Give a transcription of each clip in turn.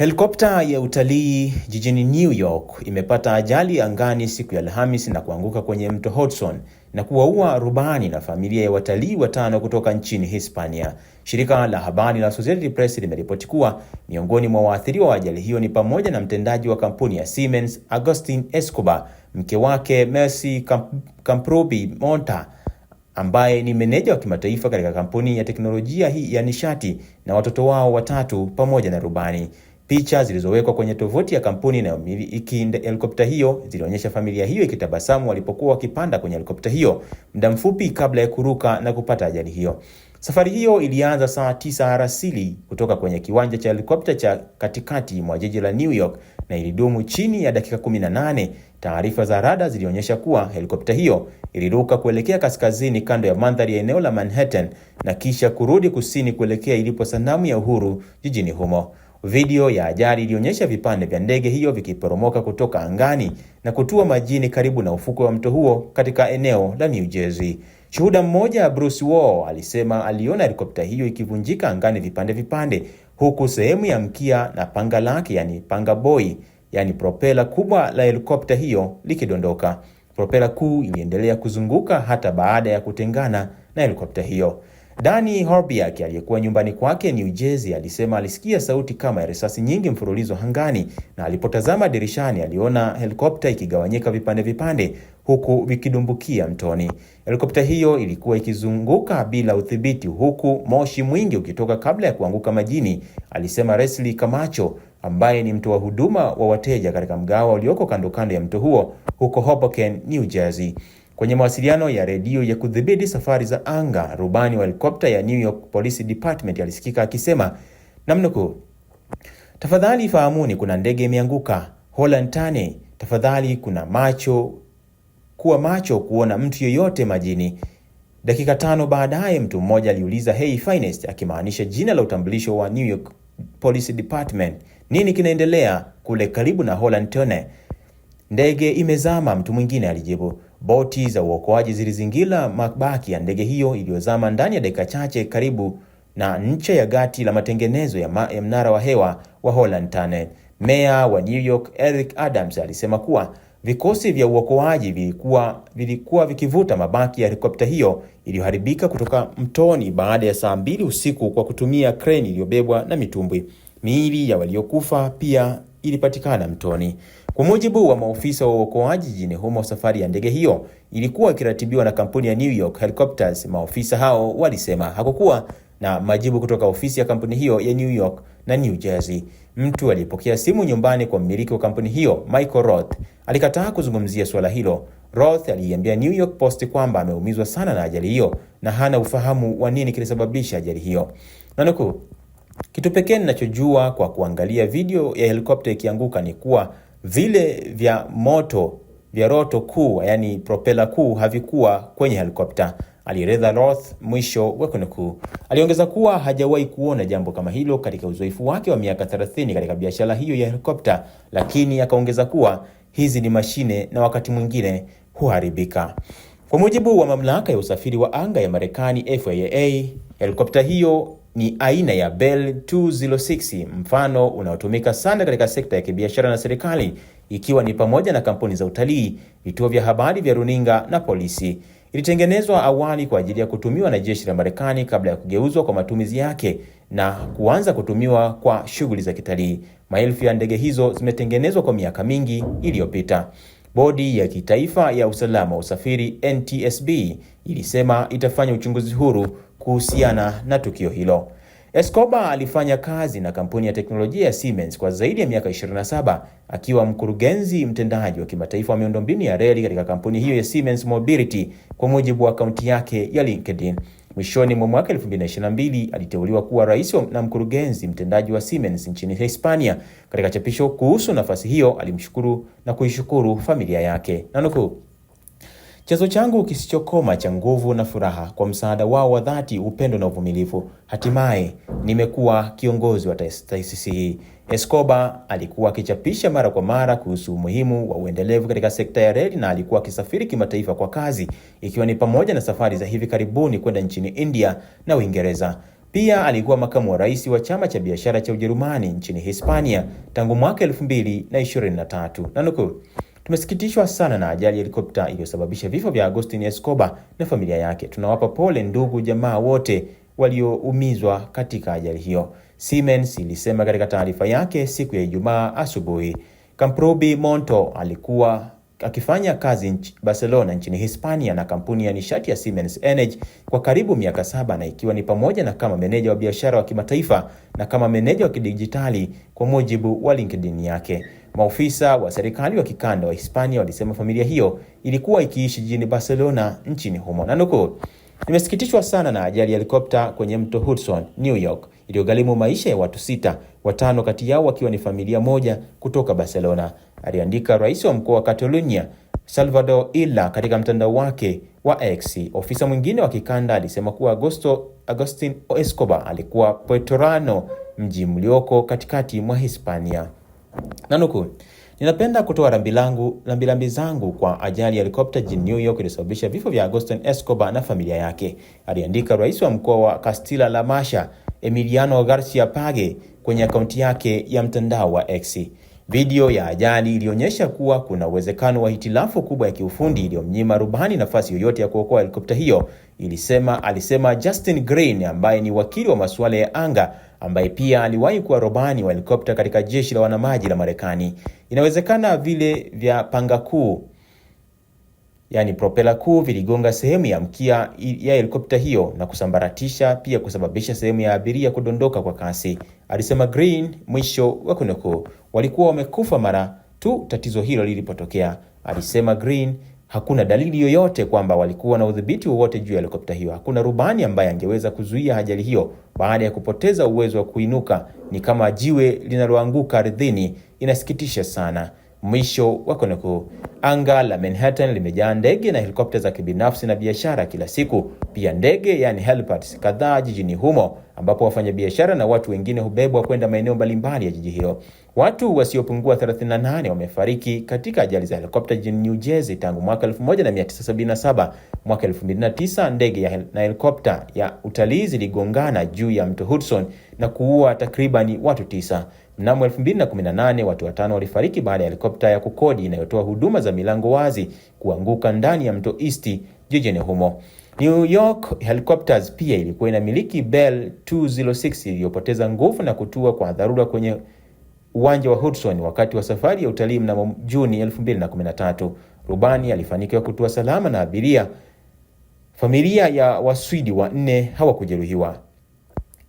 Helikopta ya utalii jijini New York imepata ajali angani siku ya Alhamisi na kuanguka kwenye mto Hudson na kuwaua rubani na familia ya watalii watano kutoka nchini Hispania. Shirika la habari la Associated Press limeripoti kuwa miongoni mwa waathiriwa wa ajali hiyo ni pamoja na mtendaji wa kampuni ya Siemens, Agustin Escobar, mke wake Mercy Camprobi Monta ambaye ni meneja wa kimataifa katika kampuni ya teknolojia hii ya nishati na watoto wao watatu pamoja na rubani. Picha zilizowekwa kwenye tovuti ya kampuni inayomiliki helikopta hiyo zilionyesha familia hiyo ikitabasamu walipokuwa wakipanda kwenye helikopta hiyo muda mfupi kabla ya kuruka na kupata ajali hiyo. Safari hiyo ilianza saa tisa alasiri kutoka kwenye kiwanja cha helikopta cha katikati mwa jiji la New York na ilidumu chini ya dakika 18. Taarifa za rada zilionyesha kuwa helikopta hiyo iliruka kuelekea kaskazini kando ya mandhari ya eneo la Manhattan na kisha kurudi kusini kuelekea ilipo sanamu ya Uhuru jijini humo. Video ya ajali ilionyesha vipande vya ndege hiyo vikiporomoka kutoka angani na kutua majini karibu na ufukwe wa mto huo katika eneo la New Jersey. Shuhuda mmoja Bruce Wall alisema aliona helikopta hiyo ikivunjika angani vipande vipande, huku sehemu ya mkia na panga lake, yani panga boy, yani propela kubwa la helikopta hiyo likidondoka. Propela kuu iliendelea kuzunguka hata baada ya kutengana na helikopta hiyo. Danny Horbiak aliyekuwa nyumbani kwake New Jersey alisema alisikia sauti kama ya risasi nyingi mfululizo hangani na alipotazama dirishani aliona helikopta ikigawanyika vipande vipande huku vikidumbukia mtoni. Helikopta hiyo ilikuwa ikizunguka bila udhibiti huku moshi mwingi ukitoka kabla ya kuanguka majini, alisema Leslie Camacho ambaye ni mtoa huduma wa wateja katika mgahawa ulioko kando kando ya mto huo huko Hoboken, New Jersey. Kwenye mawasiliano ya redio ya kudhibiti safari za anga, rubani wa helikopta ya New York Police Department alisikika akisema namnuku, tafadhali fahamuni kuna ndege imeanguka Holland tane, tafadhali kuna macho kuwa macho kuona mtu yoyote majini. Dakika tano baadaye mtu mmoja aliuliza hey finest, akimaanisha jina la utambulisho wa New York Police Department, nini kinaendelea kule karibu na Holland tone? Ndege imezama, mtu mwingine alijibu. Boti za uokoaji zilizingira mabaki ya ndege hiyo iliyozama ndani ya dakika chache karibu na ncha ya gati la matengenezo ya, ma ya mnara wa hewa wa Holland Tunnel. Meya wa New York Eric Adams alisema kuwa vikosi vya uokoaji vilikuwa vilikuwa vikivuta mabaki ya helikopta hiyo iliyoharibika kutoka mtoni baada ya saa mbili usiku kwa kutumia kreni iliyobebwa na mitumbwi. Miili ya waliokufa pia ilipatikana mtoni. Kwa mujibu wa maofisa wa uokoaji jijini humo, safari ya ndege hiyo ilikuwa ikiratibiwa na kampuni ya New York Helicopters. Maofisa hao walisema hakukuwa na majibu kutoka ofisi ya kampuni hiyo ya New York na New Jersey. Mtu aliyepokea simu nyumbani kwa mmiliki wa kampuni hiyo, Michael Roth, alikataa kuzungumzia suala hilo. Roth aliiambia New York Post kwamba ameumizwa sana na ajali hiyo na hana ufahamu wa nini kilisababisha ajali hiyo. Nanukuu, kitu pekee ninachojua kwa kuangalia video ya helikopta ikianguka ni kuwa vile vya moto vya roto kuu, yani propela kuu havikuwa kwenye helikopta, alieleza Roth, mwisho wa kunukuu. Aliongeza kuwa hajawahi kuona jambo kama hilo katika uzoefu wake wa miaka 30 katika biashara hiyo ya helikopta, lakini akaongeza kuwa hizi ni mashine na wakati mwingine huharibika. Kwa mujibu wa mamlaka ya usafiri wa anga ya Marekani FAA, helikopta hiyo ni aina ya Bell 206, mfano unaotumika sana katika sekta ya kibiashara na serikali, ikiwa ni pamoja na kampuni za utalii, vituo vya habari vya runinga na polisi. Ilitengenezwa awali kwa ajili ya kutumiwa na jeshi la Marekani kabla ya kugeuzwa kwa matumizi yake na kuanza kutumiwa kwa shughuli za kitalii. Maelfu ya ndege hizo zimetengenezwa kwa miaka mingi iliyopita. Bodi ya Kitaifa ya Usalama wa Usafiri NTSB ilisema itafanya uchunguzi huru kuhusiana na tukio hilo. Escobar alifanya kazi na kampuni ya teknolojia ya Siemens kwa zaidi ya miaka 27 akiwa mkurugenzi mtendaji wa kimataifa wa miundombinu ya reli katika kampuni hiyo ya Siemens Mobility kwa mujibu wa akaunti yake ya LinkedIn. Mwishoni mwa mwaka 2022 aliteuliwa kuwa rais na mkurugenzi mtendaji wa Siemens nchini Hispania. Katika chapisho kuhusu nafasi hiyo, alimshukuru na kuishukuru familia yake. Nanukuu, Chanzo changu kisichokoma cha nguvu na furaha, kwa msaada wao wa dhati, upendo na uvumilivu, hatimaye nimekuwa kiongozi wa taasisi hii. Escobar alikuwa akichapisha mara kwa mara kuhusu umuhimu wa uendelevu katika sekta ya reli na alikuwa akisafiri kimataifa kwa kazi, ikiwa ni pamoja na safari za hivi karibuni kwenda nchini India na Uingereza. Pia alikuwa makamu wa rais wa chama cha biashara cha Ujerumani nchini Hispania tangu mwaka 2023 nanukuu Tumesikitishwa sana na ajali ya helikopta iliyosababisha vifo vya Agustin Escobar na familia yake. Tunawapa pole ndugu, jamaa wote walioumizwa katika ajali hiyo, Siemens ilisema katika taarifa yake siku ya Ijumaa asubuhi. Camprobi Monto alikuwa akifanya kazi Barcelona nchini Hispania na kampuni ya nishati ya Siemens Energy kwa karibu miaka saba na ikiwa ni pamoja na kama meneja wa biashara wa kimataifa na kama meneja wa kidijitali kwa mujibu wa LinkedIn yake. Maofisa wa serikali wa kikanda wa Hispania walisema familia hiyo ilikuwa ikiishi jijini Barcelona nchini humo, na nimesikitishwa sana na ajali ya helikopta kwenye mto Hudson, New York, iliyogharimu maisha ya watu sita, watano kati yao wakiwa ni familia moja kutoka Barcelona, aliandika rais wa mkoa wa Catalonia Salvador Illa katika mtandao wake wa X. Ofisa mwingine wa kikanda alisema kuwa Agosto, Agustin Escobar alikuwa Rano, mji mlioko katikati mwa Hispania. Nanuku, ninapenda kutoa rambirambi zangu kwa ajali ya helikopta jijini New York iliyosababisha vifo vya Agustin Escobar na familia yake, aliandika rais wa mkoa wa Castilla-La Mancha Emiliano Garcia Page kwenye akaunti yake ya mtandao wa X. Video ya ajali ilionyesha kuwa kuna uwezekano wa hitilafu kubwa ya kiufundi iliyomnyima rubani nafasi yoyote ya kuokoa helikopta hiyo, ilisema alisema Justin Green ambaye ni wakili wa masuala ya anga ambaye pia aliwahi kuwa robani wa helikopta katika jeshi la wanamaji la Marekani. Inawezekana vile vya panga kuu, yani propela kuu, viligonga sehemu ya mkia ya helikopta hiyo na kusambaratisha, pia kusababisha sehemu ya abiria kudondoka kwa kasi, alisema Green. Mwisho wa kunukuu. Walikuwa wamekufa mara tu tatizo hilo lilipotokea, alisema Green. Hakuna dalili yoyote kwamba walikuwa na udhibiti wowote juu ya helikopta hiyo. Hakuna rubani ambaye angeweza kuzuia ajali hiyo baada ya kupoteza uwezo wa kuinuka. Ni kama jiwe linaloanguka ardhini. Inasikitisha sana. Mwisho wa kunukuu. Anga la Manhattan limejaa ndege na helikopta za kibinafsi na biashara kila siku. Pia ndege yani helipads kadhaa jijini humo, ambapo wafanyabiashara na watu wengine hubebwa kwenda maeneo mbalimbali ya jiji hilo. Watu wasiopungua 38 wamefariki katika ajali za helikopta jijini New Jersey tangu mwaka 1977. Mwaka 2009 ndege na helikopta ya utalii ziligongana juu ya mto Hudson na kuua takribani watu tisa. Mnamo 2018 watu watano walifariki baada ya helikopta ya kukodi inayotoa huduma za milango wazi kuanguka ndani ya mto east jijini humo. New York Helicopters pia ilikuwa inamiliki Bell 206 iliyopoteza nguvu na kutua kwa dharura kwenye uwanja wa Hudson wakati wa safari ya utalii mnamo Juni 2013. Rubani alifanikiwa kutua salama na abiria. Familia ya Waswidi wanne hawakujeruhiwa.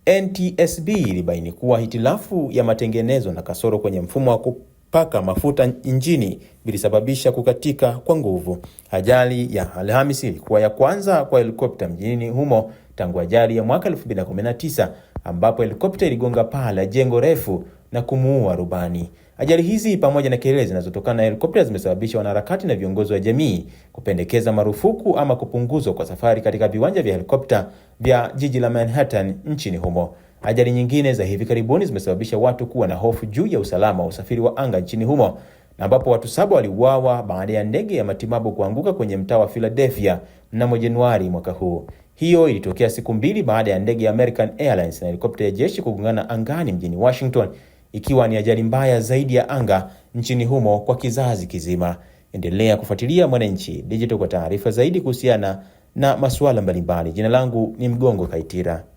NTSB ilibaini kuwa hitilafu ya matengenezo na kasoro kwenye mfumo wa kupaka mafuta injini vilisababisha kukatika kwa nguvu. Ajali ya Alhamisi ilikuwa ya kwanza kwa helikopta mjini humo tangu ajali ya mwaka 2019 ambapo helikopta iligonga paa la jengo refu na kumuua rubani. Ajali hizi pamoja na kelele zinazotokana na helikopta zimesababisha wanaharakati na viongozi wa jamii kupendekeza marufuku ama kupunguzwa kwa safari katika viwanja vya helikopta vya jiji la Manhattan nchini humo. Ajali nyingine za hivi karibuni zimesababisha watu kuwa na hofu juu ya usalama wa usafiri wa anga nchini humo, na ambapo watu saba waliuawa baada ya ndege ya matibabu kuanguka kwenye mtaa wa Philadelphia mnamo Januari mwaka huu. Hiyo ilitokea siku mbili baada ya ndege ya American Airlines na helikopta ya jeshi kugongana angani mjini Washington ikiwa ni ajali mbaya zaidi ya anga nchini humo kwa kizazi kizima. Endelea kufuatilia Mwananchi Digital kwa taarifa zaidi kuhusiana na masuala mbalimbali. Jina langu ni Mgongo Kaitira.